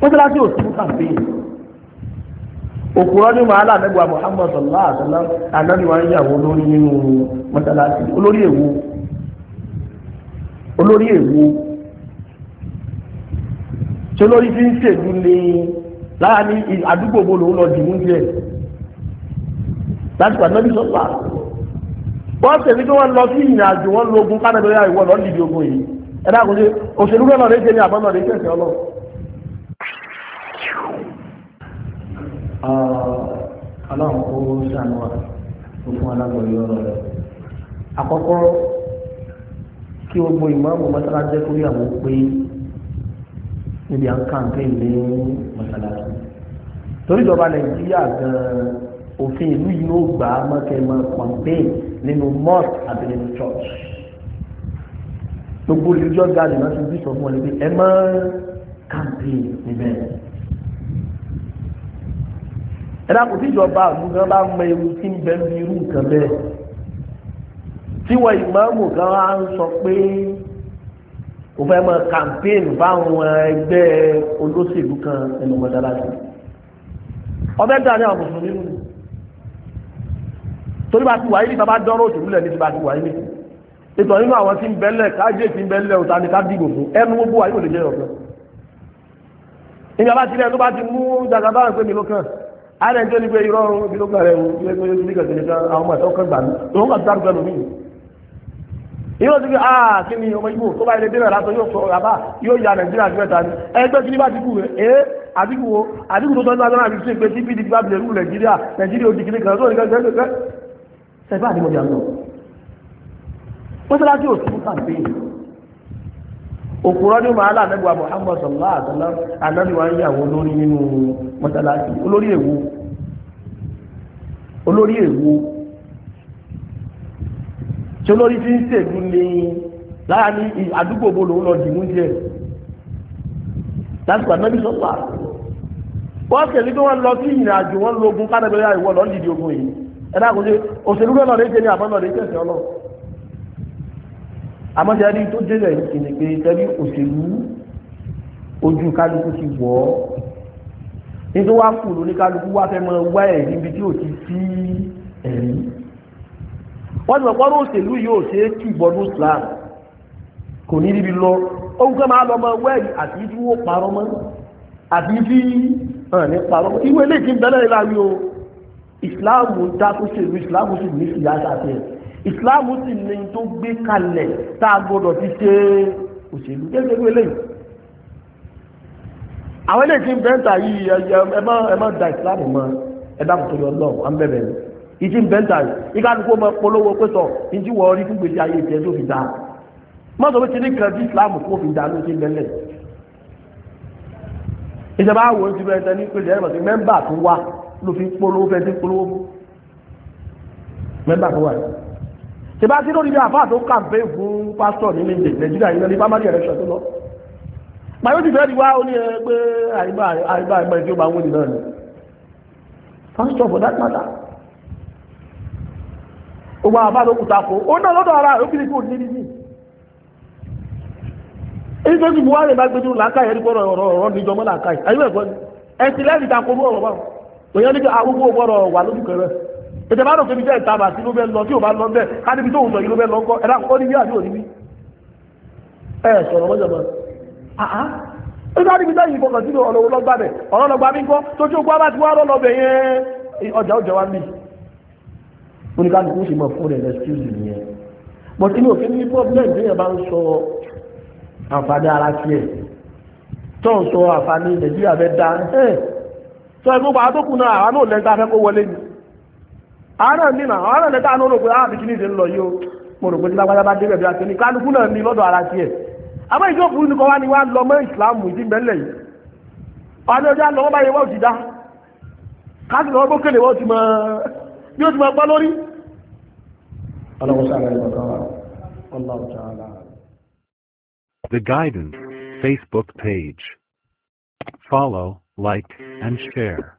mọ́sálásí ò tún kàmpé òkúrọ́ ní wàhálà mẹ́gbàá Muhammad sallallahu alaihi wasallam ànáni nínú olori olórí èwo olórí èwo tí olórí fi ń ní lára ní àdúgbò lòún lọ díẹ̀ láti wà sọ́pà wọ́n tẹ̀lé kí wọ́n lọ sí ìrìn àjò wọn lo ogun àìwọ̀ ogun yìí ẹ̀dá òṣèlú náà ní Ah, ọlọ́run kó sànù wa tó fún alágbọ̀yé ọ̀rọ̀ rẹ̀ àkọ́kọ́ kí o gbọ́ ìmọ̀ọ́mù mọ́sálásí kó yàwó pé níbi à ń kàǹpéyìn ní mọ́sálásí torí ìjọba nàìjíríà gan-an òfin ìlú yìí ló gbà á mọ́kẹ́ mọ́ kàǹpéyìn nínú mosque àti nínú church gbogbo religious garden náà ti bí sọ fún ọ ní pé ẹ mọ́ kàǹpéyìn níbẹ̀ ẹ̀dá kò sí ìjọba àgùngàn bá mọ ewu tí ń bẹ ní irú nǹkan bẹ́ẹ̀ tí wọ́n ìmáàmù kan á ń sọ pé o fẹ́ mọ kàmpéènì báwọn ẹgbẹ́ olóṣèlú kan ẹnu mọ́sálásí ọbẹ̀ dà ní àwọn mùsùlùmí nù torí bá ti wáyé ní bàbá dánrò òṣèlú lẹ̀ ní ti bá ti wáyé nìkan ìtọ̀ nínú àwọn tí ń bẹ́lẹ̀ káàjé tí ń bẹ́lẹ̀ òta ní káàdìgbò fún ẹnu gbogbo wáyé kò lè jẹ́ ọ̀kan ìjọba ti rẹ̀ tó bá ti mú jàgbá bá rẹ̀ mi ló ara ẹjọ́ ní pé irọ́ ọ̀run ibi ló gbà rẹ̀ wò ilé ẹgbẹ́ yóò nígbà tẹ̀lé ká àwọn ọmọ àtọ́kọ̀ gbà mí òun kà dárúkọ lómi irọ́ ti fi ah kí ni ọmọ igbó tó bá ilé débẹ̀ látọ̀ yóò sọ yàbá yóò ya nàìjíríà sí mẹ́ta ni ẹgbẹ́ kí ni bá ti kú rẹ̀ ẹ́ àdínkù wo àdínkù tó sọ nípa náà fi pé tpd bá bilẹ̀ rú nàìjíríà nàìjíríà òdì kìnnì kan tó ní kẹ́kẹ́ kẹ́kẹ́ sẹ́gbẹ́ àdìmọ̀jà lọ mọ́sálásí ò sí fún kàmpéyìn òkúrọ́ ní màálà àdẹ́gbà Muhammad sallallahu alaihi wasallam anábìwá ń olórí nínú mọ́sálásí olórí èwo olórí èwo tí olórí fi ń ṣèlú ni lára ní àdúgbò bo lọ dìmú díẹ̀ lásìkò anábì sọ́pà wọ́n pé wọ́n lọ sí ìrìn àjò wọn lógun kánàbẹ̀rẹ̀ ìwọ̀ lọ́ọ́ dìde ogun yìí ẹ̀dá kò ṣe òṣèlú náà lọ́ọ́ àmọ́jáde tó délẹ̀ ìkìlẹ̀ pé tẹ́lí òṣèlú ojú kálukú ti wọ̀ ọ́ nítorí wá kù lóní kálukú wá fẹ́ máa wá ẹ̀ níbi tí ò ti sí ẹ̀rí wọ́n ti mọ̀ pọ́nrọ́ òṣèlú yóò ṣe é kì bọ́dú Islam kò ní níbi lọ ohun kan máa lọ mọ wẹ́ẹ̀lì àti ibi wó parọ́ mọ́ àti ibi hàn ní parọ́ mọ́ ìwé lè ti bẹ́lẹ̀ láàrin o Islam dá sì ní ìyá àti ìsìláàmù sì ní tó gbé kalẹ̀ tá a gbọdọ̀ ti ṣe òṣèlú gẹ́gẹ́ bí eléyìí àwọn eléyìí tí ń bẹ́ńtà yìí ẹ má da ìsìláàmù mọ́ ẹ dákun tó yọ lọ́wọ́ à ń bẹ̀bẹ̀ ni ìdí ń bẹ́ńtà yìí ìkànnì kó mọ polówó pé sọ ìdí wọ orí fún gbèsè ayé ìjẹ́ tó fi dáa mọ́tò bí kìíní kan bí islam kó fi dànù sí lẹ́lẹ̀ ìjọba àwọn ti bẹ̀rẹ̀ ní pèsè ẹ̀rọ sí mẹ́mbà tó wá ló fi polówó fẹ́ sí polówó mẹ́mbà tó wá yìí ìbá tí lórí àfáà tó kàmpé fún pásítọ̀ nílé nàìjíríà yìí lórí primary election tó lọ pàyó ti fẹ́ẹ́ di wá ó ní ẹ pé àìbá àìbá tí ó bá wọ́n ní náà ni pásítọ̀ for that matter gbogbo àfáà ló kù tako ó náà lọ́dọ̀ ara rẹ̀ ó kiri kí òní níbi èyí tó ti bu wáyé bá gbẹdúró làákàyè ẹni gbọ́dọ̀ ọ̀rọ̀ ọ̀rọ̀ níjọ mọ́ làákàyè àyè bẹ́ẹ̀ gbọ́dọ̀ ẹ̀sìn lẹ́yìn tako mú ètò bá rò pé bíjẹ́ ìtaba sí ló bẹ́ lọ tí ò bá lọ bẹ́ẹ̀ ká níbi tó ń lọ yìí ló bẹ́ lọ ńkọ́ ẹ̀dá kọ́ níbi àbí òní bí ẹ sọ̀rọ̀ mọ́jọ mọ́ àá ó dá níbi táyì ìfọkàn sínú ọ̀lọ́wọ́ bẹ̀ ọ̀rọ̀ lọ́gbà mi kọ́ tó tí ó gbá bá ti wá rọ́ lọ bẹ̀ yẹn ọjà ọjà wa mí oníkálukú sì mọ̀ fún rẹ̀ excuse nìyẹn but inú òfin ní problem bí yẹn bá ń sọ àǹfààní àárọ̀ nínà àárọ̀ lẹ́tà ní orògbé àbíkí ah, ní ìdè ńlọ yìí o mo rò pé tí lágbájá bá débẹ̀ bí àti ní kálukú náà ní lọ́dọ̀ ara tiẹ̀ ìjọ òfurufú ni wá ní wá lọ mọ́ ìdí mẹ́lẹ̀ yìí wọ́n ti dá wọ́n ti mọ bí ó ti mọ lórí. The Guidance Facebook page. Follow, like, and share.